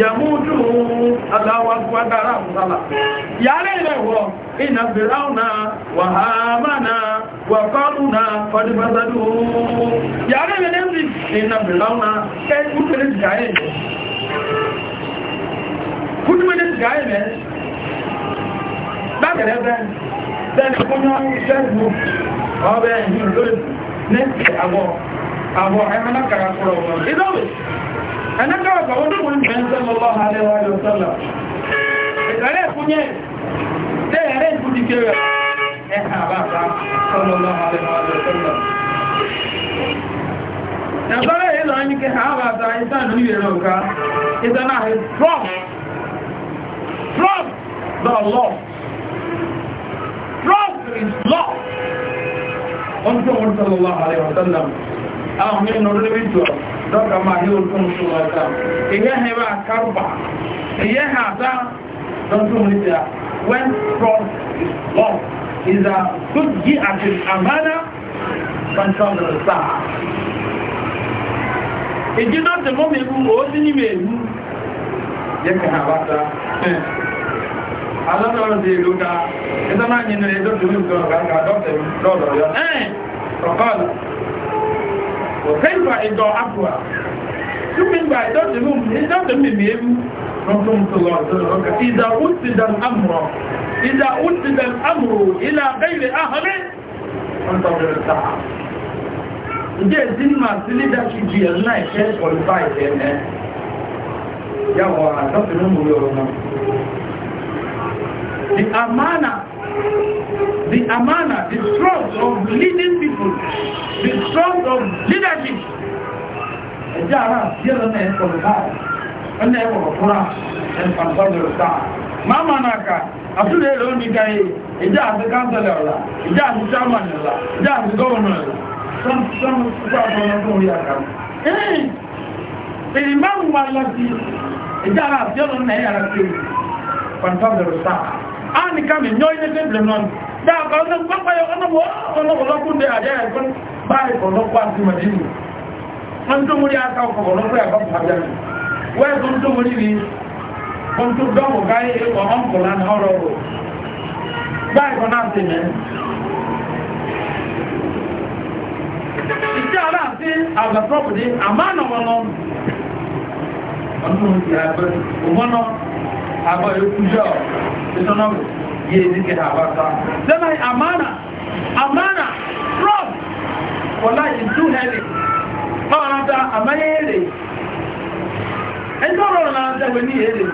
yàmúdù aláwàgbàgbàrà àmúsálà yàrá ilẹ̀ wọ iná fìráúnà wàhámánà wàkọ́lùnà fọdífásádù yàrá ilẹ̀ lẹ́sì iná fìráúnà kẹ́kùtẹ̀lẹ̀ jìgáyẹ̀ kútùmẹ̀lẹ̀ jìgáyẹ̀ bákẹ̀rẹ̀ bẹ́ẹ̀ bẹ́ẹ̀ kúnyọ́ ìṣẹ́gbù ọbẹ̀ ìhìn lórí ní àwọ̀ àwọ̀ ẹ̀mẹ́lẹ́kàrà kúrọ̀ wọn ẹ̀nẹ́kọ̀ ọ̀gbà wọn tó wọ́n mẹ́rin sọ́lọ́lọ́ àríwá ìrọ̀sọ́lọ́ ìtàrẹ́ ìfúnyẹ́ tẹ́ẹ̀rẹ́ ìfúdíkẹ́ rẹ̀ ẹ̀hà bàbá sọ́lọ́lọ́ àríwá ìrọ̀sọ́lọ́ ẹ̀sọ́lẹ̀ ìlọ ẹni kẹ́ ha bàbá ìtànú ìrẹ̀ ọ̀ká ìtànà àhẹ́ from from the law from is law ọdún tó wọ́n sọ́lọ́lọ́ àríwá ìrọ̀sọ́lọ́ dɔnka ma yi olukun su wata ihe ha ebe akarba ihe ha ata dɔnka mu ni ta when trust is lost is a good gi ati amana fantom na sa eji na temo mi mu o si ni mi mu yɛ ka ha wata alọ́dọ̀ ọ̀rọ̀ sí ìlú ká ẹ̀sán náà yìí nílẹ̀ ẹjọ́ tó ní ìgbọ̀n kàkà dọ́kítẹ̀ lọ́dọ̀ yọ ọ̀kọ́lù kẹ́yìnbà ìdọ̀ àpùà túnmìnbà ìdọ́tẹ̀mìmìyẹ́mú إذا أسد الأمر إذا أسد الأمر إلى غير أهله فانتظر الساعة ǹjẹ́ ìsinmi sí leadership bí ẹ̀ náà ṣe qualify ẹ̀ ẹ̀ yàwó àtọ́fẹ́ ní mú yọrọ náà the the amana, the trust of leading people, the trust of leadership. Ẹjẹ́ ara sí ẹ̀rọ náà ẹ̀kọ́ báyìí, ẹ̀nà ẹ̀wọ̀ ọ̀fúnra, ẹ̀fàǹtọ́bẹ̀rẹ̀ sáà. Máa máa náà ká, àtúlẹ̀ èrò ní gáyé, ìjá àti káńsẹ̀lẹ̀ ọ̀la, ìjá àti chairman ọ̀la, ìjá àti governor. ọ̀la, sọ́n sọ́n sọ́n sọ́n sọ́n rí àkàrà. Ẹ̀yìn, èyí máa ń wà lọ sí ani kami ñoy ne te blem non da ba na ko ko yo na mo ono ko lokun de aja kon bay ko no kwa ti madini man to muri aka ko ko no ko ya ko haja we kon to muri wi kon to do mo gai e ko on ko lan horo ko bay ko na ti men ìjẹ́ aláàfin àgbàtọ́pùdé àmánà wọn lọ́nà wannan ya bar umarno haba ya kuja ita na ya yi zike haba ta zama amana amana from wala is too heavy kawanta a mayere in tọrọ na ta wani yere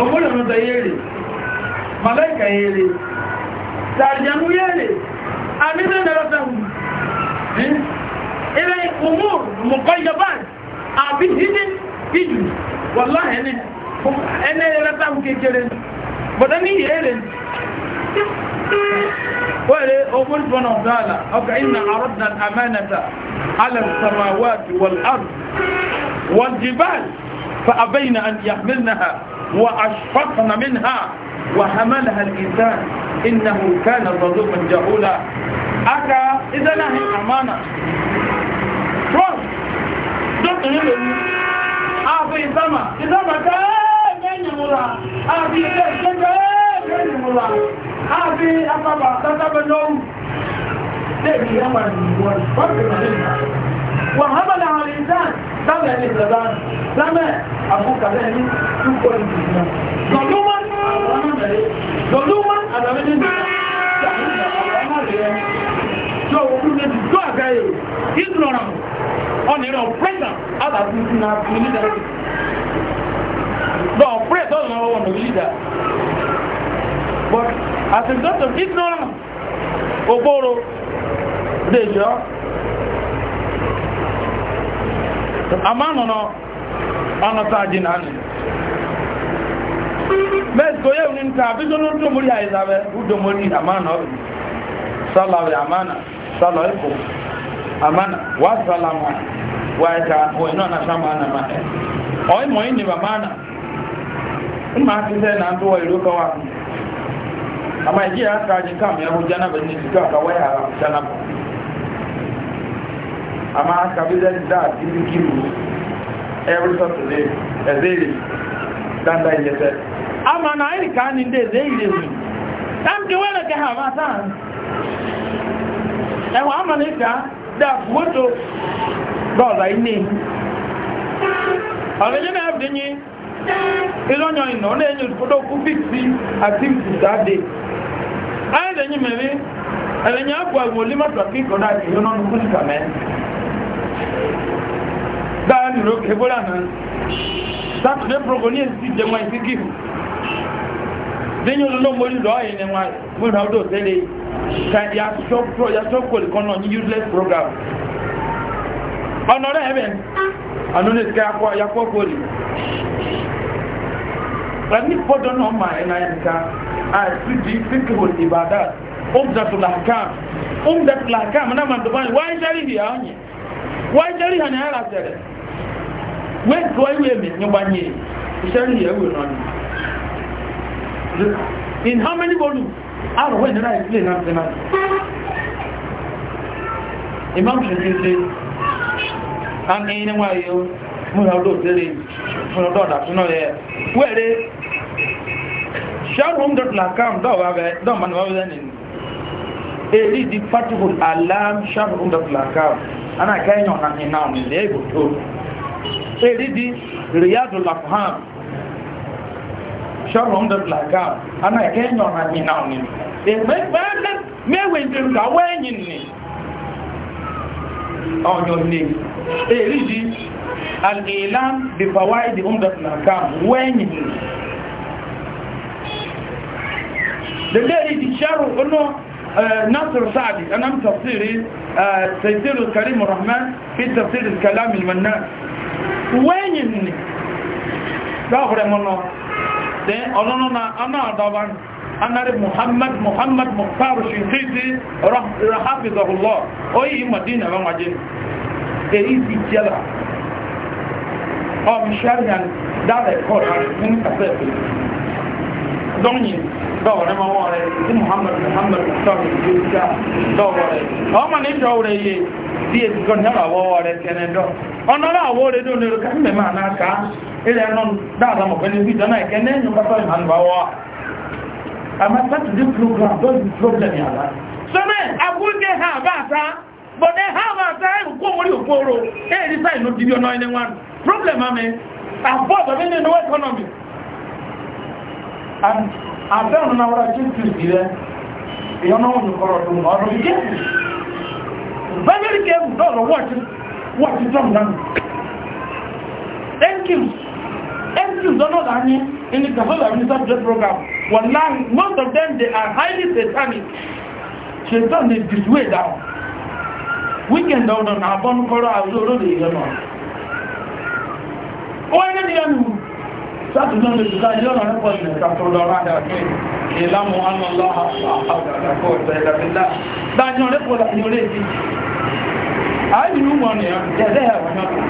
obodo na ta yere malaika yere sarjanu yere amina na rasa hu ilẹ̀ umur mukayyaban àbí hidden kíjù wọ́lá ẹni ẹni ẹlẹ́tàkù kékeré bọ̀dá ní ìhẹ́rẹ̀ wẹ́rẹ̀ ogun fọ́nà ọ̀gáàlà ọkà iná àrọ́dà àmẹ́nẹta alẹ́sàmáwàtí wọ́lárù wọ́ljibáàlì فأبين أن يحملنها وأشفقن منها وحملها الإنسان إنه كان ظلوما جهولا أكا إذا لها أمانة trust don't really àfi ìsámà ìsámà kẹ́ẹ̀mẹ́yìn múra àfi ilé iṣẹ́ kẹ́ẹ̀mẹ́yìn múra àfi apapa sátábẹ́ lọ́rùn lẹ́bi ẹwà ìwọ̀n wọ́n fi mọ̀ lẹ́yìn wọ́n hábàlà àrìndán sábẹ̀ ní ìjọba lámẹ́ àbúkàlẹ́ ní túkọ̀ ìjọba lọ́lọ́wọ́n àwọn ọmọdé lọ́lọ́wọ́n àdàmẹ́ nínú ìjọba ọmọdé yẹn tó òkú méjì tó àgáyé ìdúrọ̀ràn ọ̀nìyàn ọ̀pẹ́sàn àbàtì ní àbùkù nídà lọ ọ̀pẹ́ tọ́lù náà wọ̀nà nídà but as a result of ignorance ògbóró lè yọ amánàná ọ̀nàtàjì náà ni mẹ́sìkò yẹ́ òní nǹkan àbíjọ́ ló ń tó mórí àìsàbẹ̀ ó dò mórí àmánà ọ̀rẹ́ sálàwẹ̀ àmánà sálọ̀ waika wena na shama na ma oi mo ni ba mana ma ti se na ndo ilo ka wa ama ji aka ji kam ya hujana ba ni tika ka waya ra sana ba ama aka bi da da ti bi ki mu every saturday ezeli dan da yete ama na ni ka ni de ezeli ni tam ke wala ka ha ma san ewa ama ni ka da foto dọ́ọ̀lá iné ọ̀rẹ́jẹ́ náà bí yí ìlọ́nyọ̀ ìnà ọ̀nà ẹ̀yìn olùfọ́dọ̀ kú fíksì àtìmìtì sáàdé ayẹ́lẹ́yìn mẹ́rin ẹ̀lẹ́yìn àpò àwọn olímọ̀tàkì kọ̀dá ìyọ́nà ọ̀nà kúrìkà mẹ́ dáa nìrò kébọ́lá náà sátúdé progo ní èsì jẹmọ́ ìsìnkì lẹ́yìn olóòmò ìlú ọ̀yìn ni wọ́n múra ọdọ̀ tẹ́lẹ̀ ka yàtọ̀ kò lè kọ́nà ní useless program ọ̀nà rẹ̀ ẹ̀bẹ̀ anúnisíkẹ́ ah. akọ́ ayakọ́ kòrì ẹni pọ́dọ̀ náà ma ẹ̀nà ẹ̀nìká àìsídì fíkìwò ìbàdà ọmọdàtùlàkàm ọmọdàtùlàkàm náà ma dùbọ̀ wáyé jẹ́rì hì áyẹ̀ wáyé jẹ́rì hàn yára tẹ̀rẹ̀ wẹ́ẹ̀kì wáyé wẹ́ẹ̀ mi nígbà nyé ìṣẹ́rì hì ẹ̀wẹ̀ náà ni in how many volumes àrùwẹ̀ nínú àìsílẹ̀ náà ti náà ah. imam ṣe ṣe an yi níwá yíó múnà olóòtẹ́rẹ múnà dọ́ọ̀dà túnà rẹ̀ wẹ́rẹ́ ṣàrùn dọ́tùlákàm dọ́ọ̀bẹ̀ẹ́ni èrí di fatikul alam ṣàrùn dọ́tùlákàm ana kẹ́yàn na iná nílẹ̀ ìgbòtó èrí di riyadu lafham ṣàrùn dọ́tùlákàm ana kẹ́yàn na iná nílẹ̀ on your name. A reading and a land the provide the umdat nakam when you The lady the sharu ono ناصر سعدي أنا تفسيري تفسير الكريم الرحمن في تفسير الكلام المنان وين يني لا أخرى منه أنا أنا أنا أدوان anari muhammad muhammad mukhtar shinkiti rahafizahullah oyi madina ba wajen èyí ti jẹ́lá ọmọ ṣẹ́rìyàn dáadẹ̀ kọ́ ní kàfẹ́ dọ́nyìn dọ́wọ̀rẹ́ ma wọ́n rẹ̀ tí muhammad muhammad mukhtar shinkiti dọ́wọ̀rẹ́ ọmọ ní dọ́wọ̀rẹ́ yẹ bí èsì kan ní àwọ̀ rẹ̀ kẹ́nẹ́ dọ́ ọ̀nàrà àwọ̀ rẹ̀ dọ́nà rẹ̀ kàfẹ́ mẹ́mà náà ká ilẹ̀ náà dáadáa mọ̀ pẹ̀lú ìdáná ìkẹ́ amma such a program don't be problem in our life so man i would dey have asa but dey have asa e go mori oporo e ri sai no dibi ono ene wan problem am e abo do me no economy and abel na wara chitu dire e ono wo koro do no ro ke very careful don't watch what you don't know thank you Muslims don't know that any in the Kahola Minister program. Wallahi, most of them, they are highly satanic. Shaitan is this way down. Weekend down on our bond for our Zoro, they don't know. Oh, I didn't hear you. Saturday, Sunday, Sunday, you don't know what you're That's about. Ìlàmù Allah àkọ́kọ́ ìtẹ̀lẹ̀ ìlà. Dájọ́ That's pọ̀lá ní orí èdè. Àìyí ní wọ́n ni ẹ̀rẹ́ ẹ̀wọ̀n náà.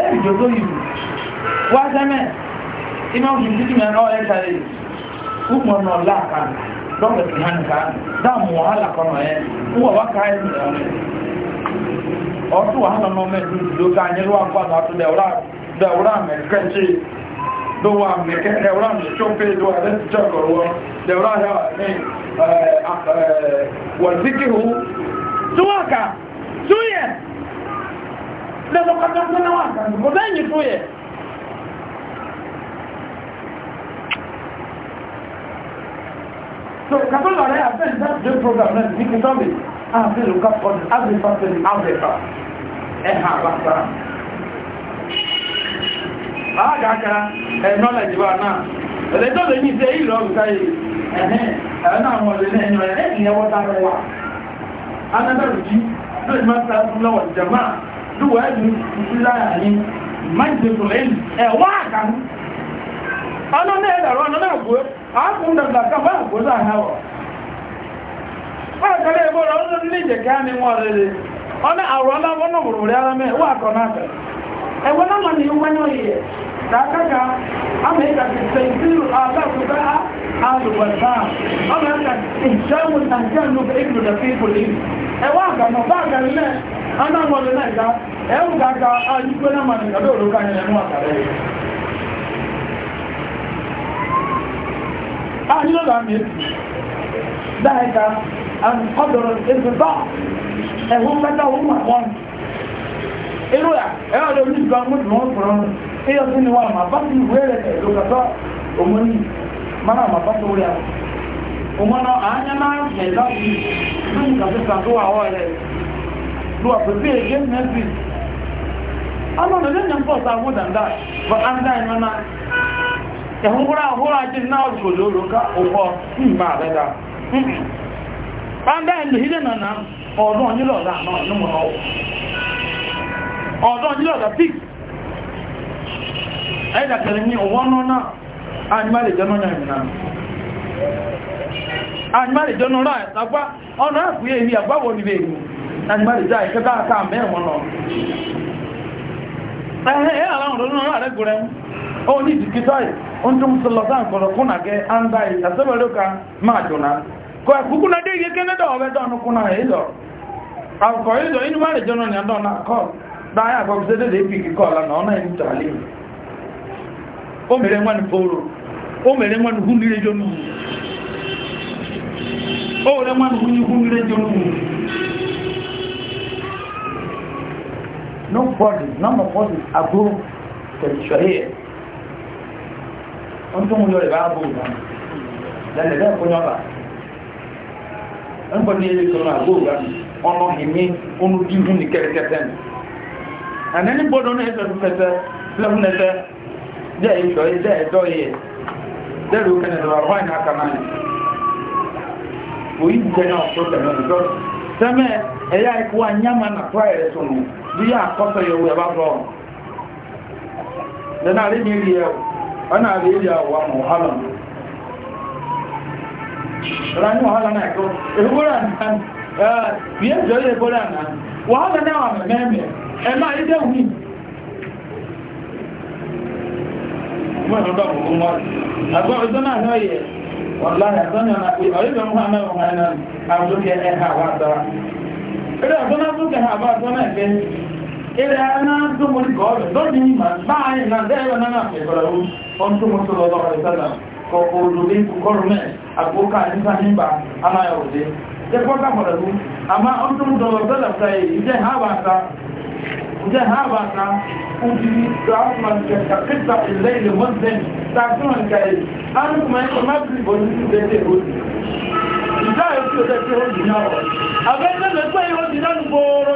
Ẹ̀rì jọ lórí ìlú wá sẹ́mẹ̀ iná òjì títí mẹ́ náà ẹ̀ sáré kúkú ọ̀nà ọ̀la kan dọ́kẹ̀ sí hàn ká dáàmú wàhálà kan ẹ̀ wúwọ̀ wá ká ẹ̀ ọ̀tún wàhálà náà mẹ́ dúdú ló ká nyẹ́rú àpáta tó dẹ̀wúrà mẹ́kẹ́ńtì lówà mẹ́kẹ́ dẹ̀wúrà mẹ́kẹ́ńtì lówà lẹ́sí jẹ́kọ̀ọ́ wọn dẹ̀wúrà yà ní wọ̀lùsíkìrù túwọ́kà túyẹ̀ So Kapil Lare has been that good program and we can come in. Ah, we look up for every person in Africa. And have a plan. Ah, Gaka, and not like you are now. But they don't let me say, you know, say, and now I'm going to say, you know, and you know what I'm going to do. Another thing, this master of law, Jama, do I do, you lie, mind you to end, and why can? I don't know, I don't àákùn dàgbà kan bá àgbóṣà náwọ̀ ọ̀kẹ́lẹ̀ ẹgbọ́ rẹ̀ ọdún ní ìjẹ̀kẹ́ ní wọ́n rẹ̀ rẹ̀ ọ́nà àrùn aláwọ̀nà òrò rẹ̀ ara mẹ́ wà kọ̀ náà ẹgbẹ́ náà nke wọ́n náà yẹ dákàkà amẹ́ríkà ti fẹ́ ìdílù aláàkùnbá alùpàtà ọmọdé ìjẹun àjẹun ìlú anyị na-enwe ya. ah you know that means that and other is the bar and who better who might want irú ẹ̀ ẹ̀rọ ọ̀dọ̀ ní ìgbà mú ìwọ̀n pọ̀rọ̀ ẹ̀yọ́ sí ni wọ́n máa bá sí ìwé rẹ̀ lókàtọ́ òmùní mara máa bá sórí àwọn òmùnà àányá náà yẹ̀ láti lóyún kàfíkà tó wà ọ́ rẹ̀ lọ àpèpè èyí mẹ́fì ọlọ́run lẹ́yìn pọ̀ sáà wọ́n dàndà but i'm dying right now ẹ̀hún wúrà wúrà jí náà ṣòlò òrùka òkọ́ ìgbà àrẹ́dà pàndà ìlú ilé nànà ọ̀dọ́ nílọ̀dà náà ní mọ̀ ọ̀dọ́ nílọ̀dà pig ẹ̀dàkẹ̀rẹ̀ ní ọwọ́n náà àjímálè jẹ́ náà ìrìnà àjímálè jẹ́ náà àtàgbá ọ̀nà àkúyè ontum sallallahu alaihi kuna ge andai asaba luka majuna kwa kukuna de ye kene do be do kuna hizo au kwa hizo ini jono ko da ya kwa mzede de piki ko la na ni talim o mere ngwan poro o mere ngwan hunire o mere ngwan hunyi hunire jono nobody number 4 is above the wọ́n tó ń lọ rẹ̀ bá bò náà lẹ́lẹ̀ bẹ́ẹ̀ kó yọ́pà ń pọ̀ ní eré kan náà gbóògbà ọ̀nà ìmí onú dídún ní kẹ́rẹ́kẹ́tẹ́ ni àná ní gbọ́dọ̀ ní ẹsẹ̀ fẹ́fẹ́ lẹ́fúnẹ́fẹ́ jẹ́ ìṣọ́ jẹ́ ẹ̀dọ́ yẹ lẹ́rù kẹ́nẹ̀ lọ àwọn àìní àkàmà ni òyìn jẹ́ náà tó tẹ̀lé ọ̀dọ́ sẹ́mẹ́ ẹ̀yà ikú anyáma nà tó àìrẹ̀ sọ̀nù bí yà àkọ́sọ̀ yọ̀wù ẹ̀ bá bọ̀ lẹ́nà àrí ana rediya wa muhala rani wahala na ko ebora nan eh biye jole ebora nan wahala na wa meme e ma ide wi mo no da mo mo agba ozo na no ye wallahi azana na ko ayi da muhammad wa hanan abuke e ha wa da ilẹ̀ ẹ̀nà tó mọ́ ní gọ́ọ̀rẹ̀ lọ́dí ní màá báyìí náà lẹ́yọ̀ náà fẹ̀kọ̀rọ̀ ohun tó mọ́ tó lọ́dọ̀ ọ̀rẹ́ sálà kọ̀kọ̀ olùgbé kọrùn mẹ́ àgbókà nípa nípa aláyọ̀dé jẹ́ pọ́ká pọ̀lẹ̀lú àmá ohun tó mọ́ tó lọ́dọ̀ sálà fẹ́ ìjẹ́ hábàtà ìjẹ́ hábàtà ohun tí ráfman kẹta kẹta ilẹ̀ ilẹ̀ mọ́sẹ̀ tààtúnwọ̀n kẹrẹ alùpùpù ẹ̀kọ́ má bí ìbọn ní ìgbẹ́lẹ̀ òsì ìjá ẹ̀kọ́ ìjẹ́ pé ó dì náà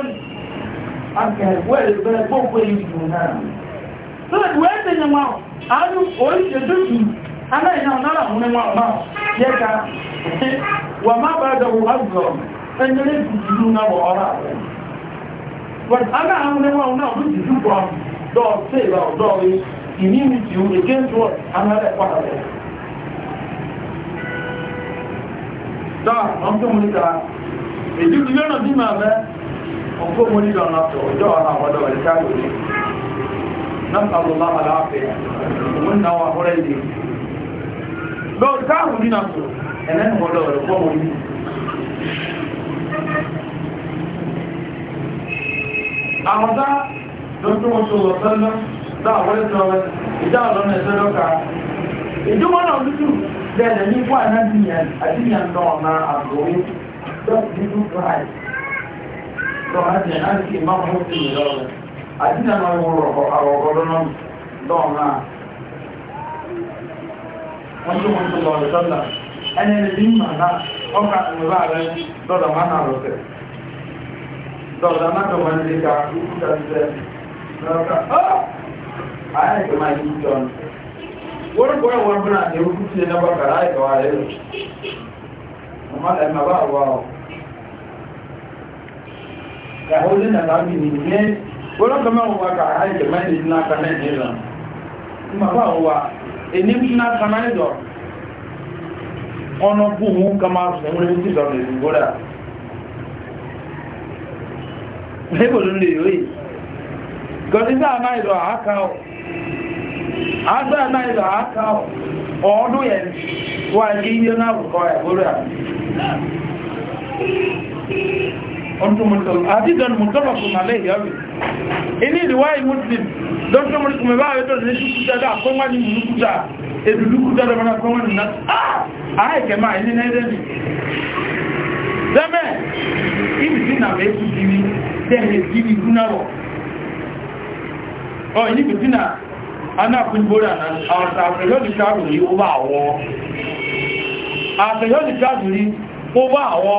aka ẹ̀wọ́ ẹ̀rẹ̀ gbogbo ìlú náà tó ìwé ẹ̀tẹ̀yẹ̀ wọn àánú oríṣẹ́ dúkù aláìyàn náà mú wọn máa yẹ ká wà má bá dọ̀wọ́ àgbọ̀ ẹ̀yẹrẹ́ ìdúdú náà wọ̀ ọ́rà but ana àwọn ẹwọ́n náà ló ti dúkọ̀ dọ̀ọ̀tẹ́ ìlà ọ̀dọ́ rẹ̀ immunity against what another part of it dáa ọmọdé mú ní ká èdè ìlú náà dí màá bẹ́ẹ̀ òkú mo nílò ọ̀nà tó ọjọ́ àwọn àwọn ọ̀dọ́ ìta lórí nasarallahu alaafiya mun na wa hore ni lo ka hu ni na so ene mo do lo ko mo ni amada don to so lo sala da wa le so ida lo ne ni wa ni ya adiyan do na aro do lọ́wọ́dé àti ìmọ̀kún sí ìlọ́rẹ̀ àti ìdáná ìwòrò àwọ̀gọ́dọ́ náà lọ́ọ̀nà wọ́n tí wọ́n tó lọ ìdọ́là ẹni ẹni mọ̀ náà ọkà ìwòrò rẹ̀ lọ́dọ̀ wọn náà rọ̀tẹ̀ lọ́dọ̀ náà tó wọ́n lè ka ìkúta ṣẹ́ lọ́kà ọ́ àyà ìgbìmọ̀ yìí jọ wọ́n kọ́ ẹ̀wọ̀n fún àti ìwòkú sí ẹ̀nà bọ́kàrà ìkọ̀wà rẹ̀ da hauzi na rami ne ne wurin kamar wa ka aiki mai da jina ka nan iran kuma ba wa eni jina ka nan ido ọ̀nà gbùnmù kama sùn ẹ̀wọ̀n ti sọ̀rọ̀ ìlú gbọ́dà lẹ́gbò ló lè rí gọ̀dísà náà ìlọ àáká ọ̀ àásà náà ìlọ àáká ọ̀ ọdún yẹn wà ní iye náà kọ̀ ẹ̀gbọ́dà àdídàn mùtọ́lọ̀kùn alẹ́ ìyọ́rì inú ìrìwá ìmúslim dọ́tọ́mùrìkùn mẹ́bá àwẹ́tọ̀ ní ṣúkútàdà àkọ́wà ní mùlúkútà èdùlúkútàdà mọ́nà kọ́wà ní náà àìkẹ̀mà ilé náà ẹ̀rẹ́ni dẹ́mẹ́ ìbìsí nà mẹ́kù kiri tẹ́lẹ̀ kiri gúnàrọ̀ ọ ìníbìsí nà anáàkùnbóra àwọn àtàkùnrin yóò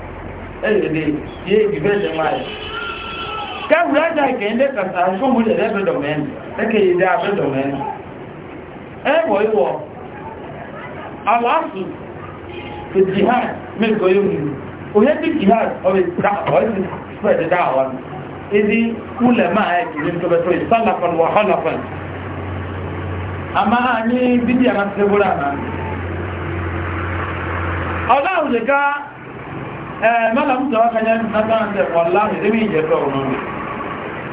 ẹ̀rẹ̀dẹ̀ yé ìgbẹ́jẹ̀ máa yẹ kẹwùrẹ́ ẹ̀dà ìkẹ́ndẹ́ kàtà ṣọ́mùlẹ̀ lẹ́bẹ̀dọ̀mẹ́ni ẹkẹ́ ìdẹ́ abẹ́dọ̀mẹ́ni ẹwọ̀ ìwọ̀ aláàtù tó jihad mẹ́kọ̀ yóò òye tí jihad ọ̀rẹ́ ìpẹ̀ẹ̀dẹ̀ dáwọn ìdí kúlẹ̀ máa ẹ̀kìrí tó bẹ̀tọ̀ ìsálàfàn wà hálàfàn àmá ní bídí àmà ti ṣe e bó Eh, mala mtu wakanya natande wallahi demi jeto unomi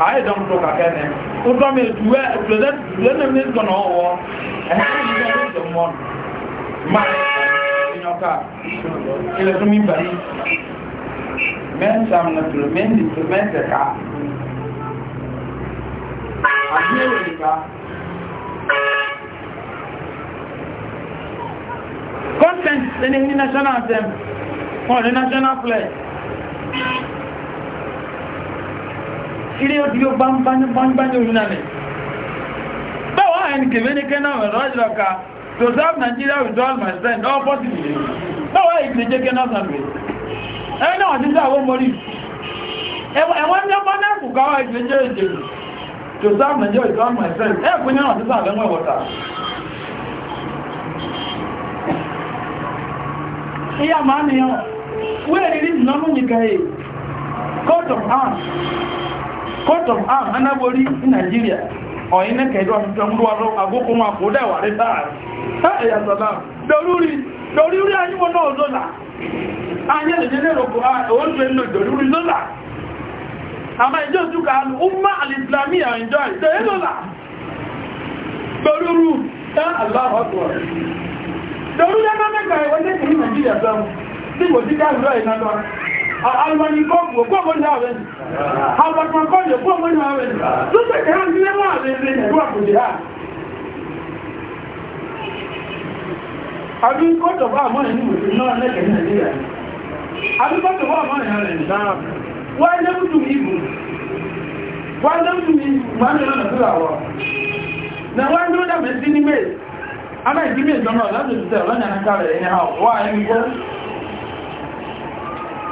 aye don to ka kene uto me tuwe tuwe tuwe ne mi kono wo eh ni to mon ma inoka ile tumi bari men sam na tu men di tu men de ka ahiyo ni ka consent ni national anthem wọ́n ní national flag ilé òdí ó gbáńgbáńgbáńgbáń orúnalẹ̀ báwọn àyẹni kèfé ní kẹ́nà ọ̀rọ̀ ìjọka to serve nigeria with all my strength all possible báwọn àyẹni kèfé jẹ́ kẹ́nà sàmì ẹni náà ti sáwọ́ mọ́rí ẹwọ́n ní ọmọ náà kù káwọ́ ìgbé jẹ́ èdè to serve nigeria with all my strength ẹkùn ní ọ̀tí sàbẹ̀wọ̀ wọ̀ta ìyá máa nìyàn where is nanu nikaye court of arms court of arms anabori in nigeria ọ̀yìn ní kẹjọ ìjọmúrúwárọ́ agogo wọn kò dẹ̀wà rí sáà ẹ̀yà sọ̀lá lórí lórí ayíwọ̀ náà lọ́la ayẹ́lẹ̀dẹ́ lẹ́rọ kò á oúnjẹ inú ìdòrí tí sí káàkiri ìná lọ alwani kọ́pù ní àwẹ̀ alwani kọ́pù kọ́pù ní àwẹ̀ tó tẹ̀kẹ́ hàn ní ẹwà àwẹ̀ ilé ìlú àkùnjẹ́ hà àbí kọ́tọ̀ bá àmọ́ ìní mùsùlùmí náà lẹ́kẹ̀ẹ́ àbí kọ́tọ̀ bá àmọ́ ìyá rẹ̀ dáa wọ́n lẹ́mùtù na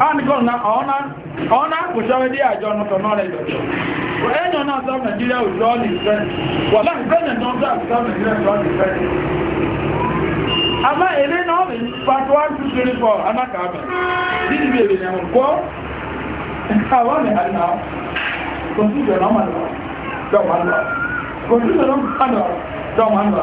anìkan ọ̀nà kòṣọ́wẹ́dé àjọ ọ̀nà ẹ̀dọ̀jọ́ ẹ̀yàn náà sọ nàìjíríà òjò ọ̀nà ìfẹ́ wà láti bẹ́ẹ̀ náà sọ nàìjíríà òjò ọ̀nà ìfẹ́ àmá èlé náà rí pàtó àjúgbèrèfọ́ anákàábẹ̀ nínú ìbèrè ní àwọn kọ́ àwọn ìhàlẹ́ àwọn kòsíjọ náà mọ̀ lọ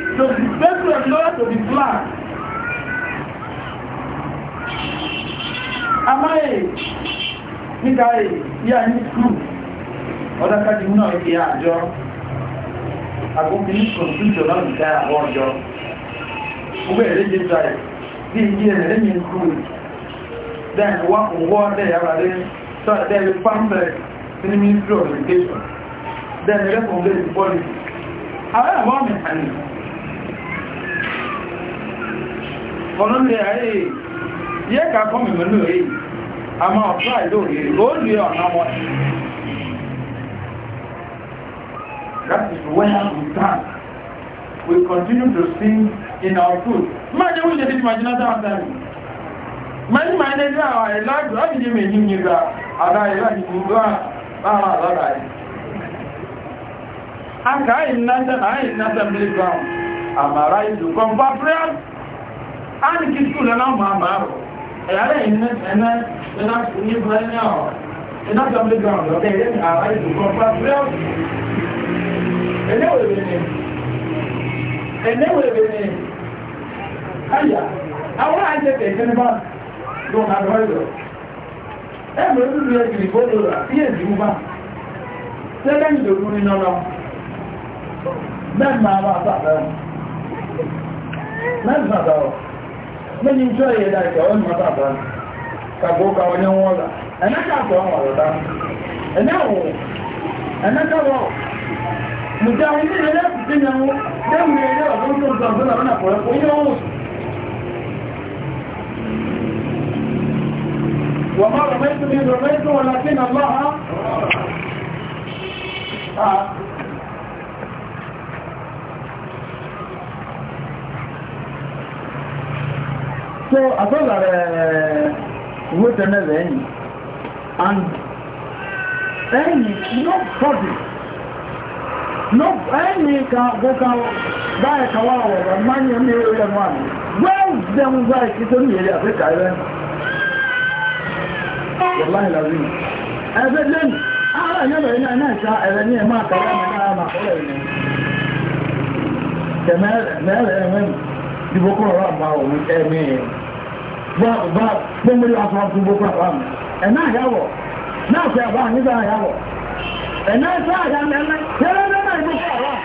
So the best way of lawyer to be black. Am I nígbà yà ní skúù ọdákájú náà ti àjọ agbókùnrin kọ̀ǹtútù náà ti dáyà bọ́ ọjọ́. Ogbe ẹ̀rẹ́ jẹ́ báyìí bí ìdí ẹ̀rẹ́ lẹ́yìn skúù. Then wọ́n kò wọ́ ọdẹ yàrá lé so there is pamphlet in the Education. Then the rest of the policy. Àwọn àwọn àmì àníyàn. ọ̀nà ní ayé yẹ́ ká kọ́ mẹ̀mẹ̀ ní orí a máa ọ̀tọ́ àìlò rí ó lè ọ̀nà wọn that is where we stand we continue to sing in our food máa jẹ́ wíjẹ́ títí màjínà dáadáa dáadáa mẹ́rin máa ní ẹgbẹ́ àwọn ìlàjò láti jẹ́ mẹ́ yìí nígbà I ìlàjì gbogbo àwọn àlọ́dà yìí a ká I náà ìnáta playground àmàrà ìlú contemporary ní kí skúl ẹ̀nà ọmọ àmà rọ̀ ẹ̀yàrá ẹ̀yìn ẹ̀nà ẹ̀nà ní ìbúrẹ́ni ọ̀ ẹ̀nà sọ́mbí ground ọ̀dẹ́ ẹ̀yẹ́ ní àrá ìdùkọ́ pàtíwẹ́ọ̀ ẹ̀nẹ́wẹ̀rẹ̀ ni ẹ̀nẹ́wẹ̀rẹ̀ ni ayà àwọn àjẹ́kẹ̀ ìkẹ́nibá lọ́nà àdọ́rẹ̀ ẹ̀mọ̀ ìlú ẹgbìrì bọ́lọ̀ rà sí èdìmú bá tẹ́lẹ̀ ìdòkú nínú lọ mẹ́rin máa bá àbá àbẹ́rẹ̀ mẹ́rin máa bá àbẹ́rẹ̀ mẹ́ni tó ẹ̀yẹ dá ìkẹ́ ọ́n mọ́ta bá kàgbó ka onye nwọ́lá ẹ̀nẹ́ka àtọ̀ ọ̀hún ọ̀rọ̀dá ẹ̀nẹ́ ọ̀hún ẹ̀nẹ́ka wọ̀ mùtí àwọn ilé ilé ti ní ẹ̀hún dẹ́hùn ilé ọ̀dún tó ń sọ ọ̀dún àwọn àpọ̀ ẹ̀kọ́ yẹ ọ̀hún wọ́n má rọ̀ mẹ́tò ní rọ̀ mẹ́tò So I thought that uh, with another enemy, and enemy, nobody, no enemy can go out, die a kawawa, but money and the other one. Well, them guys, it's only in Africa, then. Wallahi lazim. Ẹgbẹ́ lẹ́nu, ara yẹ́bẹ̀ ní ẹ̀nà ìta ẹ̀rẹ̀ ní ẹ̀mọ́ àkàrà mi náà máa kọ́lẹ̀ ìlú. Tẹ̀mẹ́rẹ̀ ẹ̀mẹ́rẹ̀ ìbókọ̀ ọ̀rọ̀ àmà òun ẹ̀mí ẹ̀mí bá fúnmílì afọ́n fún boko haram ẹ̀nà àyàwọ̀ náà fẹ́ àbá nígbà àyàwọ̀ ẹ̀nà ẹ̀sẹ̀ àyàmẹ́ ẹ̀mẹ́ yẹ́rẹ́ mẹ́mẹ́ ìboko haram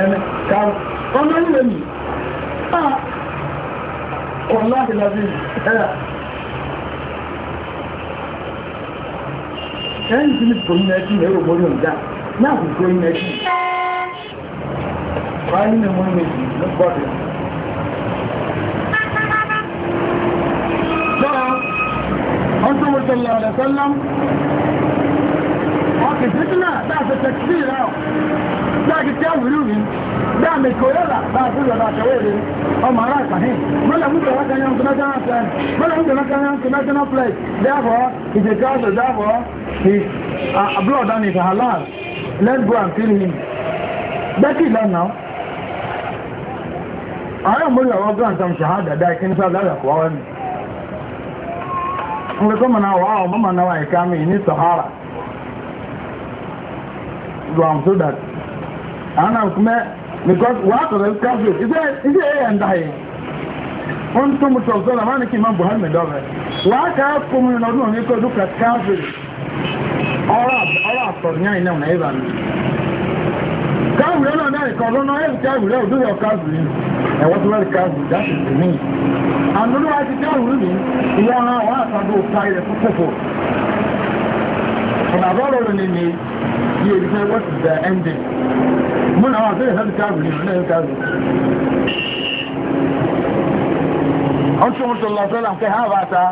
ẹ̀mẹ́ kàrọ̀ ọmọ ìwé mi ọ̀la ìlàbí ẹ̀yà ẹ̀yìn tí ní kòrí mẹ́tí ẹ̀rọ mọ́rí ọ̀dá náà kò kòrí mẹ́tí wọ́n tó wọ́n tẹ̀lé ọ̀rẹ́ sọ́lọ́m ọkì fìtínà dáàfẹ́ tẹ̀kìtì rẹ̀ dáàkì tí a wùrú rí dáàmì kòrẹ́là dáàfẹ́ lọ́dà àtẹ̀wẹ̀rẹ̀ ọmọ ará ìpàhín mọ́lẹ̀ mú bẹ̀rẹ̀ kan yẹn international plan mọ́lẹ̀ halal let's go and kill him bẹ́ẹ̀kì lọ́nà àwọn ọmọ orí ọ̀rọ̀ grand sam shahada dáìkí ní sáà lára kọ̀ọ̀rọ̀ mgbe mana wa o mama na wa ka mi ni sahara do am so that ana kuma because wa to the cafe is it is it and I on to mu to so na mani ki man buhari me dove wa ka ko mu na do ni ko du ka cafe all up all up for nine na na even káwùrẹ́ náà náà ìkọ̀ lọ́nà ẹ̀ káwùrẹ́ òdó yọ káwùrẹ́ ẹ̀wọ́n tó lọ́rẹ̀ káwùrẹ́ dáṣì sí mí àmúlò àti káwùrẹ́ mi ìyá hàn wọ́n àtàgbò ta ilẹ̀ púpọ̀ ọ̀nà àbọ̀rọ̀ rẹ̀ ni yíyẹ ibi tẹ́ wọ́n ti bẹ̀ ẹ́ndì mú náà wà bẹ́ẹ̀ sẹ́bi káwùrẹ́ ìlú náà káwùrẹ́ ọ̀tún mùsùlùmí lọ́sọ́lá nǹkan ha bá ta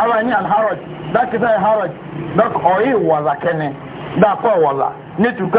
ara ní alharaj dákítà alharaj dọ́k ọ̀yẹ́ ìwọ̀lá kẹ́ni dákọ̀ ìwọ̀lá nítorí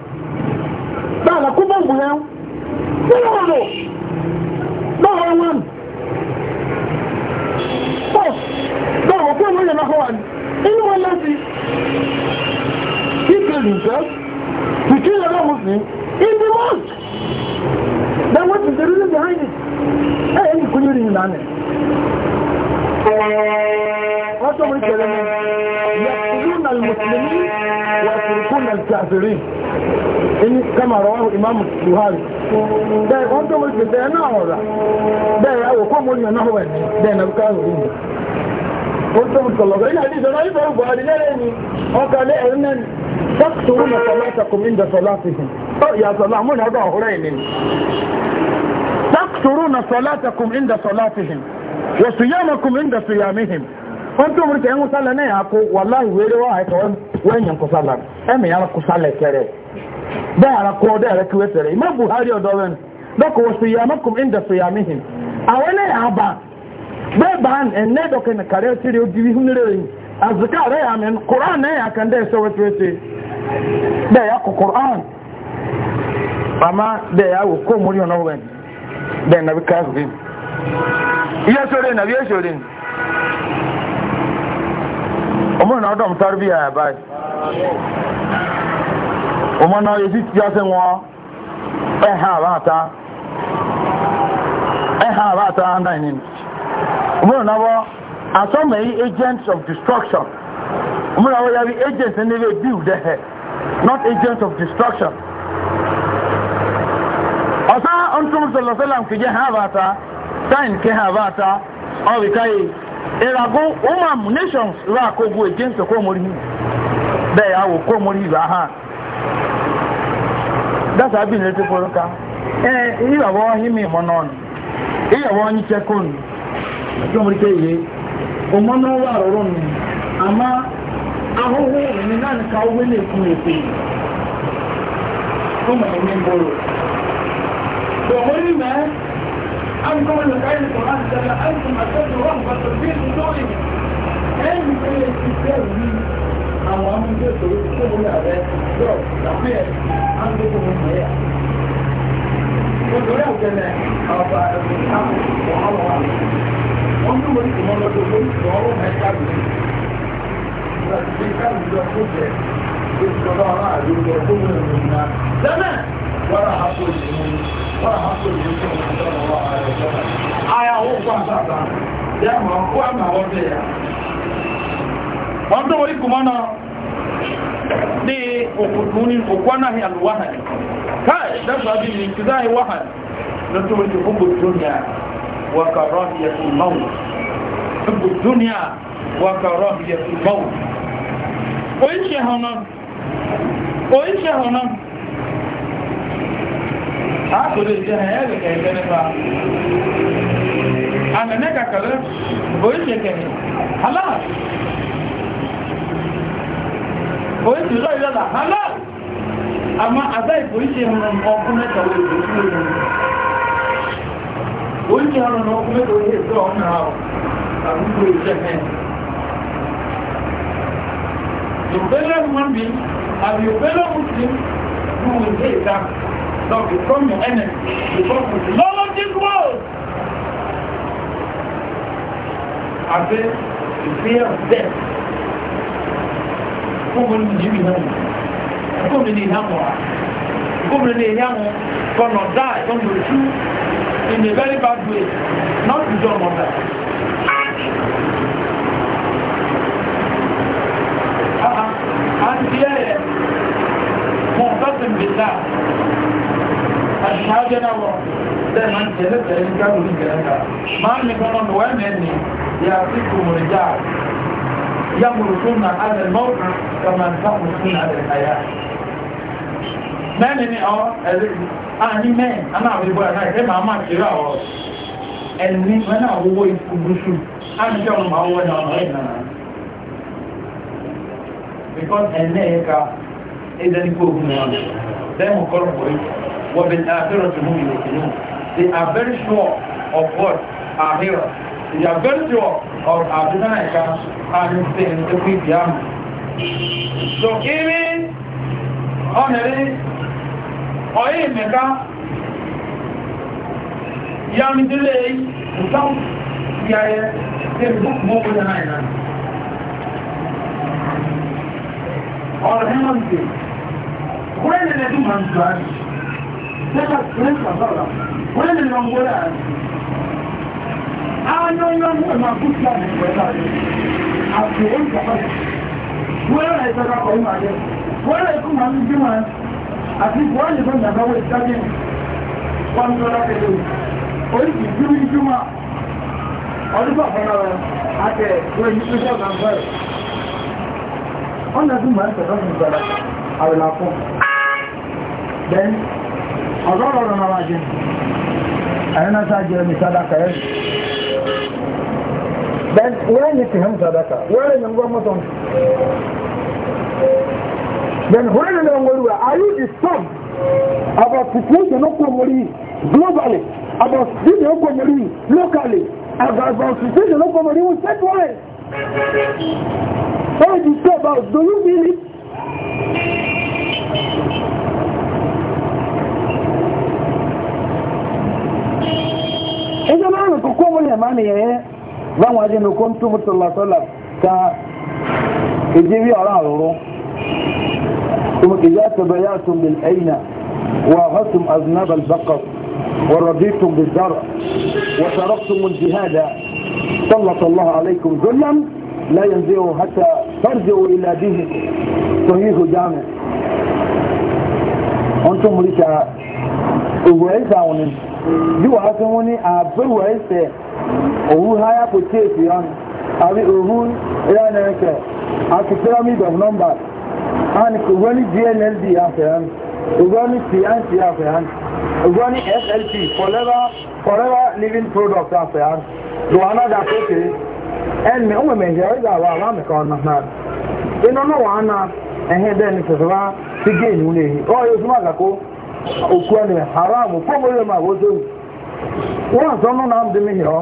báàlà kó bá gbọ̀n ẹ̀hún nínú ọ̀rọ̀ báwọn ẹ̀wọ̀n àmì pọ̀ báwọn ọ̀pọ̀ ìwọ̀n yẹn náà wà ní inú wọn láti keep it himself to kill another muslim in the mosque then what is the reason behind it ẹ̀ ẹ̀ nìkú yìí rí ìlànà wọ́n tó mú ìkẹlẹ́ mi yẹ kúrú nà lùmùsùlùmí wà kúrú nà lùkàfẹ́rì in kama rawahu imam buhari da on to mulki da na ora da ya wa ko mulki na hawa ne da na ka ro inda ko to mulki Allah ina hadisi na ibo buhari ne ni o ka le ernan takturuna salatakum inda salatihim to ya salah mun hada huraini takturuna salatakum inda salatihim wa siyamakum inda siyamihim wọ́n tó mú kẹ́ ń sálẹ̀ náà yà kó wàláhì wéré wà àìkọ́ wọ́n yẹn kó sálẹ̀ ẹ̀mí yà kó sálẹ̀ kẹrẹ̀ dara ko dara ki wesere imam buhari odowen doko wasiyamakum inda siyamihim awele aba be ban enne doke na kare tiri odiwi hunere azka re amen qur'an ya kan da so wetwete da ya ko qur'an ama da ya wo ko muri ono wen da na bi ka bi iya sore na bi sore ọmọ na ọdọ mtarbiya ya bai ọmọ náà yẹ sí ti ọ́sẹ̀ wọn ẹ̀hà àbáta ẹ̀hà àbáta under him ọmọ náà wọ́ asọ́mọ̀ yí agents of destruction ọmọ náà wọ́ yà bí agents ní ilé bíu dẹ́hẹ̀ not agents of destruction ọ̀sá ọ̀ntún sọ̀lọ̀sọ́làm kìjẹ́ ha àbáta táyìn kẹ́ ha àbáta ọ̀rìkáyè ìràgó ọmọ nations rà kó gbó agents of kó mọ́rí bẹ́ẹ̀ yà wò kó mọ́rí ìbá hàn dasa bi ne ti foro ka ɛɛ iyawo himi mɔnɔ ni iyawo nyi cɛ ko ni lomri ke ye o mɔnɔ wa roro ni ama ahoho ni naani ka wele kun efe o ma ɛmi bolo dɔgɔni mɛ an kɔmi lɛ k'ayi kɔnɔ an sɛbɛn an kun ma sɛbɛn wa mɔgɔ sɔrɔ bi kun t'o ye ɛɛ mi kelen ti sɛ wuli àwọn amúgbèsò ìṣòwòlà rẹ̀ yọ lápẹ́ àgbẹ̀kùnrin Nítorí àjẹmẹ ọba ẹ̀sìn táwọn ọ̀hánwó wa, wọ́n tún wọ́n ti mọ́ lọ́dọ̀ lórí ìṣòro mẹ́ta lórí. Ìgbà tí ká lùjọ tó jẹ, ìṣòro ọ̀rọ̀ àjọyọ̀ tó wọ́n lè rìn náà. Lẹ́mẹ̀ wọ́rọ̀ àpò ìlú, wọ́rọ̀ àpò ìlú tó wọ́n ti sọ̀rọ̀ ọ̀rọ̀ àjọyọ̀. Àyàwó fún àtàtà, yẹ́n mọ̀ wanda wari kuma na ne okutuni okwana hi alwahani kai da sabi ni kizai wahani na to wani hubu dunya wa karahiyatul maut hubu dunya wa karahiyatul maut oyin se hanan oyin se hanan a ko le je ha ya ke ke ne ba oríṣi lọ ìrọ̀lá hálà àmọ́ àbẹ́ ìforíṣẹ́ ọkùn mẹ́ta owó ìlú sí ìlú oríṣi ọ̀rọ̀ náà ọkùn mẹ́ta owó ìlú ọ̀nà àrùgbò ìṣẹ́fẹ́ ìpẹ́lẹ̀ wọn bí àbí ìpẹ́lẹ̀ muslim who will hate them not become your enemy because with the love of this world àbẹ́ the fear of death kóbìnrin ní ìlú hàn kóbìnrin ní ìhàn wà kóbìnrin ní ìhàn kọ́nà dáa ìtọ́jú ojú in a very bad way not to jọ mọ̀tà. àti ẹ̀ mọ̀tàsìn bìtà àṣìṣàjẹ́ náà wọ̀ dẹ́nà tẹ̀lé tẹ̀lé ní káàkiri gẹ̀ẹ́gà máa ń mi kọ́nà wẹ́mẹ̀ẹ́ ni yà á sí kòmòrìjà يمرضون على الموت كما تمرضون على الحياة mẹ́rin ni ọ àní mẹ́rin aláàbíbọ̀ ẹ̀nà ìfẹ́ máa máa kiri ọ̀ ẹni mẹ́rin àwọwọ́ ikú gúúsù láti ọmọ máa wọ́n ní ọmọ ìrìnà náà because ẹ̀nà ẹ̀ka ẹ̀dẹ́nikó ogun náà dẹ́mù kọ́rọ̀ they are very sure of what are here Yabeljo or Abinaika and in the Pidiam. So even on a Oimeka Yam delay without Yaya, they book more than I am. Or Hamdi. When did I do my God? Let us pray for Allah. When did I do my God? ayoyin wani kusa da kwanar a tsohon gaba wọ́n rẹ̀ ìjọba kọ̀ ní àjẹ́ wọ́n rẹ̀ ikú ma ń bí wọn àti wọ́n lè fẹ́ ìjàgbáwó ìjáde wọn tó lápẹ̀lẹ̀ oríkì bí i júmọ́ ọdún bàbára rẹ̀ àtẹ̀ wọ́n yí tó jẹ́ ọ̀gá rẹ̀ wọ́n lè fún màá tẹ̀lọ́ fún ìjọba àwìlà fún then ọ̀gọ́rọ̀ ọ̀rọ̀ náà wájú ẹ̀rẹ́nà sáà jẹ́ mi sádà kẹ́rẹ́ dan wani tihin sadaka wani nan gwan mutum dan wani nan gwan ruwa are you disturbed about situation of komori globally about situation of komori locally about situation of komori with set wise how you say about do you feel it ẹjọ́ márùn-ún kò kó wọlé ẹ̀má nìyẹn báwọn ẹjẹ́ ní kó ń túbú tó lọ sọ́lá ka ìdí rí ọ̀rọ̀ àrùrù ìdí àtọ̀bẹ̀ yá tó bẹ̀ ẹ̀yìnà wà hàtùm aznab albakar wà rọ̀bìtùm bẹ̀ dára wà sàrọ̀tùm jihada sọ́lọ̀tọ̀ allah alaikum zullam la yanzu hata tarjiu ila dini sahihu jami on tun mulika uwe isa wani yi wa hakan wani a bai wa isa òhun higher purchase yanu àbí òhun ranẹ̀kẹ̀ àti pyramid of numbers and ògbọ́n ní dnld àfẹ́hàn ògbọ́n ní pnc àfẹ́hàn ògbọ́n ní slp forever forever living product àfẹ́hàn lọ́wọ́nà dàpẹ́kẹ́ ẹn mi ọmọ mẹ̀jẹ̀ ọ̀rẹ́ gbà wà wà mẹ́kọ̀ ọ̀nà náà iná náà wà ná ẹ̀hẹ́ bẹ́ẹ̀ ni sọ̀tọ̀ bá ti gé ìlú lè yí ọ̀ yóò súnmọ́ àgàkó òkú ẹni haram fọ́ọ̀mù yóò máa wọ́n tó wọ́n àtọ́nú náà ń dín mí yọ̀ ọ́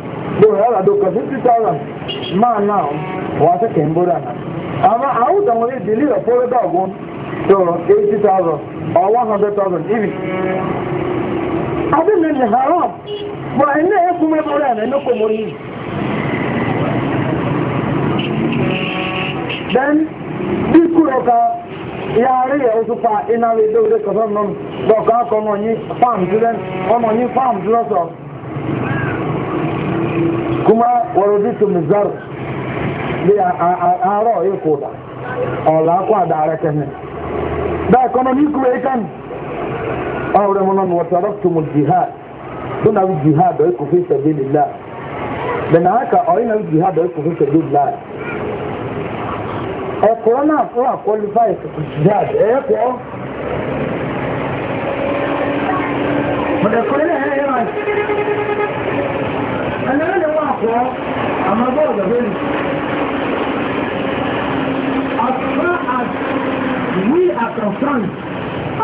don ya rado ka 50,000 ma na wata kembura na amma a hutan wani dili da fore da ogun to 80,000 or 100,000 iri abin nan da haram ba ina ya kuma mura na na komori then dikuro ka yàrá yẹ o tún fa iná lé lórí kọsán náà lọkọ akọ ọmọ yín fáàmù sílẹ ọmọ yín fáàmù sílẹ sọ kuma warudito mizar bí àárọ̀ yìí kò dà ọ̀la kó àdá rẹ̀ kẹ́hìn bẹ́ẹ̀ kọ́nà ní kúrò yìí kàn ọ̀rẹ́ mu náà wọ́tà rọ́pùtù mu jihad tó náà jihad ọ̀yẹ́ kò fi sẹ̀dé lílá bẹ̀nà áka ọ̀yẹ́ náà jihad ọ̀yẹ́ kò fi sẹ̀dé lílá ẹ̀kọ́ náà fún àkọlifáì kò jihad ẹ̀yẹ́ kọ́ mọ̀tẹ̀kọ́ náà kuwa amma ba da bane as far as we are concerned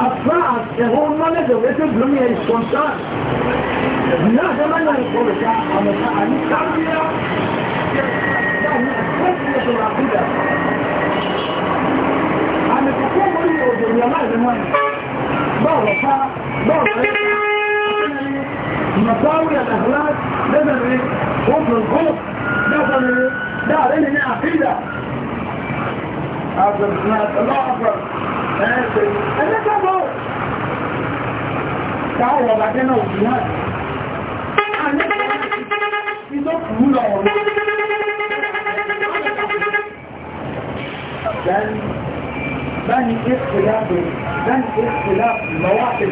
as far as the whole knowledge of Western Blumia is concerned na zama na rubuta a mata a ni kambiya da المساوي الأخلاق نزل إيه؟ خوف الخوف نزل إيه؟ ده علينا هنا عقيدة أكبر الله أكبر آسف أنا كبر تعالوا بعدين وجهات في ضغط هنا والله بل بل اختلاف بل اختلاف المواقف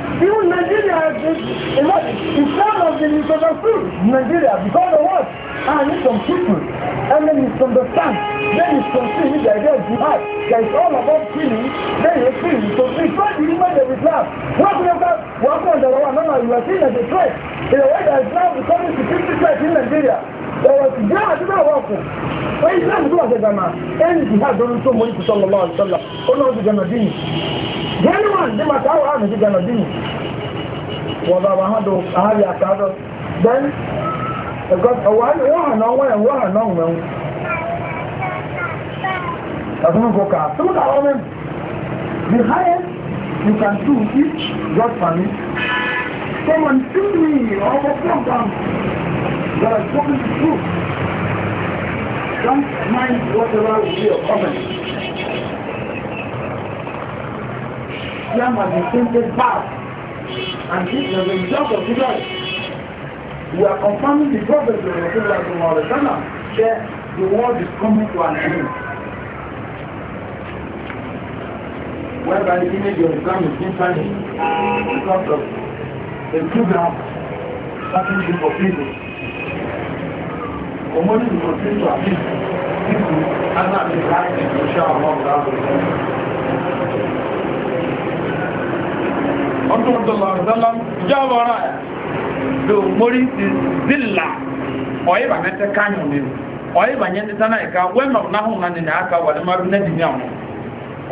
even Nigeria has been, of the been misunderstood in Nigeria because of what? Ah, I need some people. And then it's from the sun, Then it's from the idea of jihad. That it's all about killing. Then it's kill. So it's not the image of Islam. What we have got, what we have got, no, no, you are seen as a threat. In a way that Islam is coming to 50 threat in Nigeria. There was jihad in our work. When Islam is not a Ghana, any jihad don't show money to the Sallallahu Alaihi Wasallam. Oh no, the Ghana genuine di maka awa ahụ jiga n'ọdịnihu wọbaba ha do ahari aka do then ọwa ha na ọnwa ya nwa ha na ọnwa nwu asọmụkwụ ka asọmụ ka ọrụ the highest you can do is just for me someone see me or go come down that I spoken the truth don't mind whatever will be your comment Islam has been printed back. And this is the result of today. We are confirming the prophecy of the Rasulullah that the world is coming to an end. Whereby the image of Islam is being punished because of the program starting to for people. Commodity is going to appeal people as not the right to share among the others ọdún ọdọ́lọ́rọ̀dọ́lọ́ jọ́bọ̀ ọ̀rọ̀ ẹ̀ ló mórí ti zílà ọ̀yẹ́bà mẹ́tẹ́ káyọ̀ nínú ọ̀yẹ́bà yẹn ti tánà ìka wẹ́mọ̀ náhùn náà nínú aka wà ní márùn náà dìní àwọn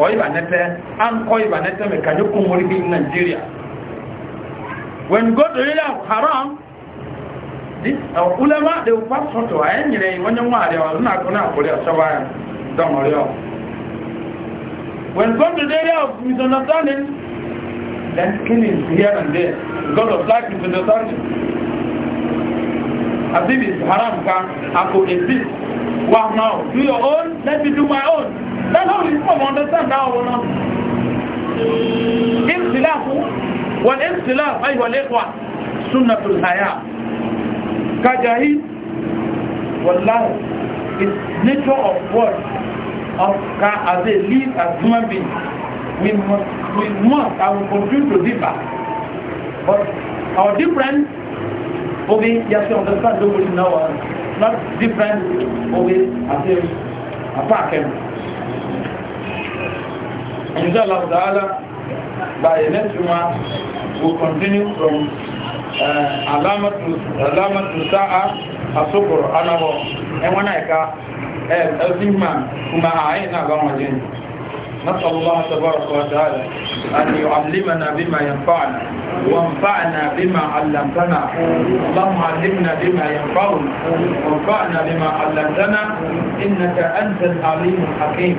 ọ̀yẹ́bà nẹ́tẹ́ àǹkọ́ ìbà nẹ́tẹ́ mẹ́ka ní kún mórí bíi nàìjíríà when you go to ilẹ̀ haram uh, ulama de upa sọtọ ayé nyere wọn nyẹ wọn àríwá lónà àkọ náà àkọlẹ ọsọba yẹn dọmọrẹ when you go to of misunderstanding then killings here and there. God of life is in the church. I think it's haram can, I could exist. Wow, now, do your own, let me do my own. That's how we come understand now or not. In in when انسلاف والانسلاف أيها الإخوة سنة الحياة كجاهيد Wallah, it's nature of work of, as they live as human being we must, we must and will continue to differ. But our difference will be just to understand the world now, uh, not different will be as if apart from. Inshallah ta'ala, by next month, we'll continue from uh, Alamatul Alamatul Sa'a asokoro anabɔ ɛwɔ n'ayika uh, ɛ ɛsi ma kuma ayi na ba wɔn jɛni. نسأل الله تبارك وتعالى أن يعلمنا بما ينفعنا وانفعنا بما علمتنا اللهم علمنا بما ينفعنا وانفعنا بما علمتنا إنك أنت العليم الحكيم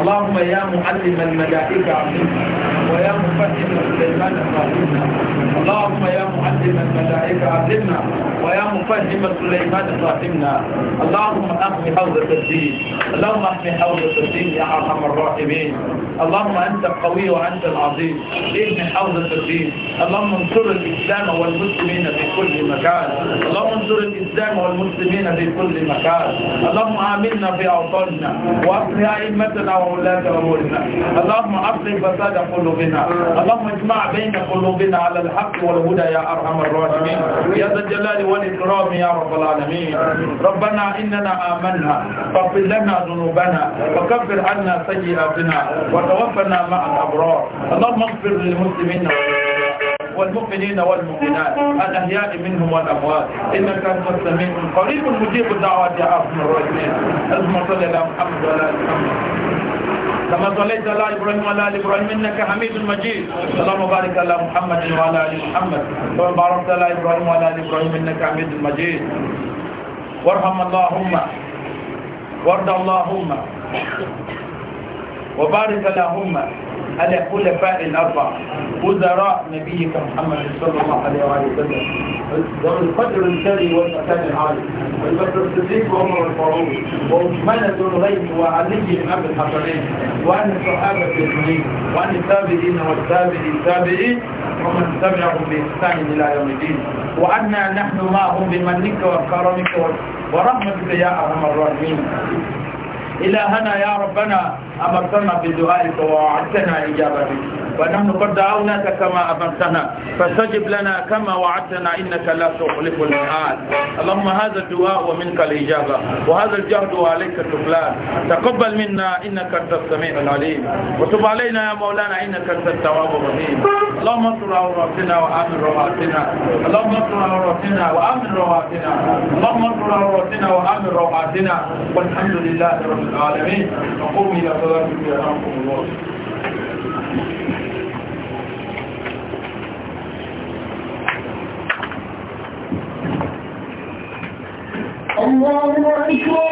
اللهم يا معلم الملائكة علمنا ويا مفهم سليمان علمنا اللهم يا معلم الملائكة علمنا ويا مفهم سليمان فاهمنا اللهم احمي حوض الدين اللهم احمي حوض الدين يا ارحم الراحمين اللهم أنت القوي وأنت العظيم ابن حوزة الدين اللهم انصر الإسلام والمسلمين في كل مكان اللهم انصر الإسلام والمسلمين في كل مكان اللهم آمنا في أوطاننا وأصلح أئمتنا وولاة أمورنا اللهم أصلح فساد قلوبنا اللهم اجمع بين قلوبنا على الحق والهدى يا أرحم الراحمين يا ذا الجلال والإكرام يا رب العالمين ربنا إننا آمنا فاغفر لنا ذنوبنا وكفر عنا سيئاتنا وتوفنا مع الأبرار اللهم اغفر للمسلمين والمؤمنين والمؤمنات الأحياء منهم والأموات إنك أنت السميع القريب مجيب الدعوات يا أرحم الراحمين اللهم صل على محمد وعلى آل محمد كما صليت على إبراهيم وعلى آل إبراهيم إنك حميد مجيد اللهم بارك على محمد وعلى آل محمد كما باركت على إبراهيم وعلى آل إبراهيم إنك حميد مجيد وارحم اللهم وارض اللهم وبارك اللهم على فائل الأربع وزراء نبيك محمد صلى الله عليه وآله وسلم ذو القدر الشري والمكان العالي والبكر الصديق وعمر الفاروق وعثمان ذو الغيب وعلي بن أبي الحسنين وعن الصحابة الأجمعين وعن التابعين والتابعين التابعين ومن تبعهم بإحسان إلى يوم الدين وعنا نحن معهم بمنك وكرمك ورحمتك يا أرحم الراحمين إلهنا يا ربنا أمرتنا بدعائك ووعدتنا إجابتك ونحن قد دعوناك كما أمرتنا فاستجب لنا كما وعدتنا إنك لا تخلف الميعاد اللهم هذا الدعاء ومنك الإجابة وهذا الجهد وعليك تفلان تقبل منا إنك أنت السميع العليم وتب علينا يا مولانا إنك أنت التواب الرحيم اللهم اصر عوراتنا وآمن روعاتنا اللهم اصر عوراتنا وآمن روعاتنا اللهم اصر عوراتنا وآمن روعاتنا والحمد لله رب العالمين نقوم إلى صلاة الله want to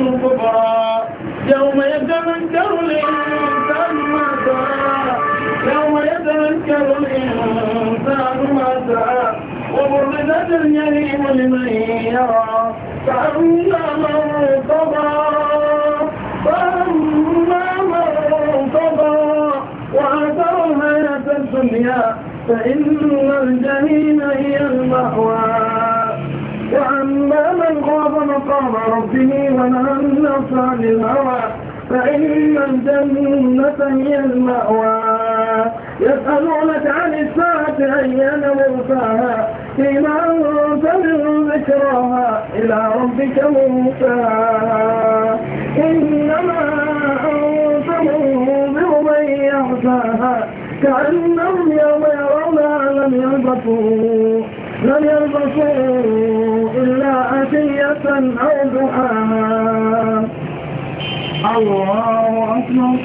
الكبرى يوم يتذكر الإنسان ما سعى يوم يتذكر الإنسان ما سعى وبرزت الجحيم لمن يرى فأما من قضى فأما من قضى وآثر الحياة الدنيا فإن الجحيم هي المأوى أما من خاف مقام ربه ونهى النفس عن الهوى فإن الجنة هي المأوى يسألونك عن الساعة أين مرساها فيما أنت من ذكراها إلى ربك منتهاها إنما أنت منذر من يحساها كأنهم يوم يرونها لم يلبثوا لن يلبثوا إلا عشية أو دعاء الله أكبر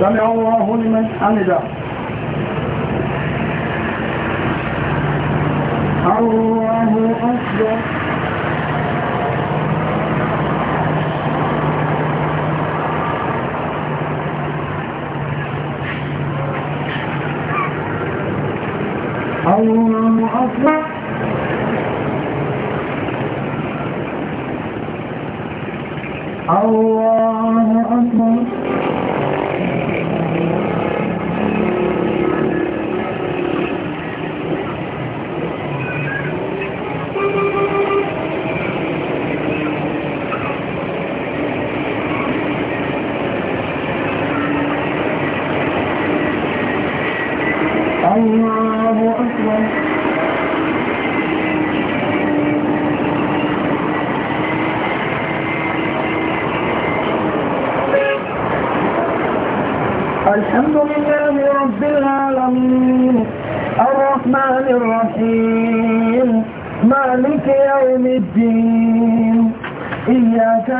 سمع الله لمن حمده الله أكبر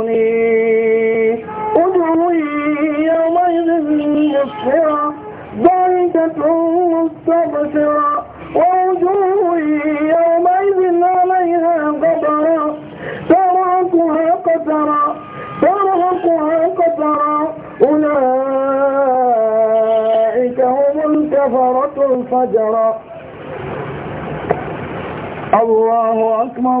منيب وجوه يومئذ مسفرة ضاحكة مستبشرة ووجوه يومئذ عليها قطرة ترهقها قطرة ترهقها قطرة أولئك هم الكفرة الفجرة الله أكبر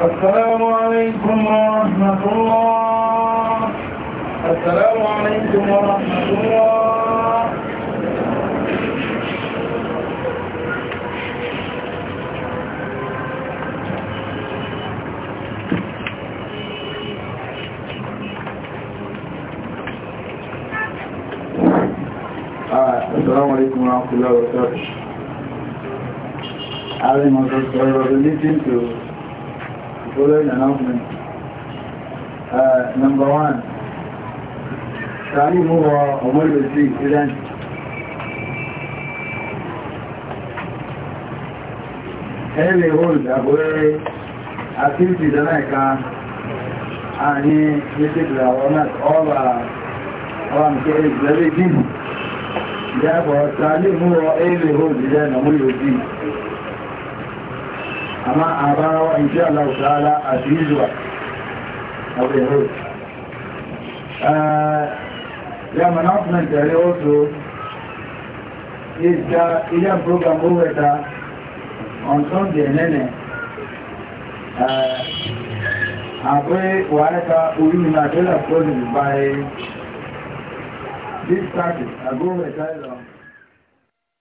السلام عليكم ورحمة الله السلام عليكم ورحمة الله ah, السلام عليكم ورحمة الله وبركاته. I am also relating following announcement. Uh, number one, Sani Muwa Omolbe Street event. Ẹni hold àgbóyé activity ìdáná ẹ̀ka àní méjèèjì àwọn náà ọba ọba nìkẹ́ ìgbẹ́lẹ́ dìbò. Ìjẹ́ àpọ̀ Sani Muwa ẹni hold ìdáná Omolbe amma a bawa in sha Allah ta'ala a fi zuwa a bai hau ya management tare also is the Indian program over there on Sunday nene akwai wata orin na dollar by this practice a go retire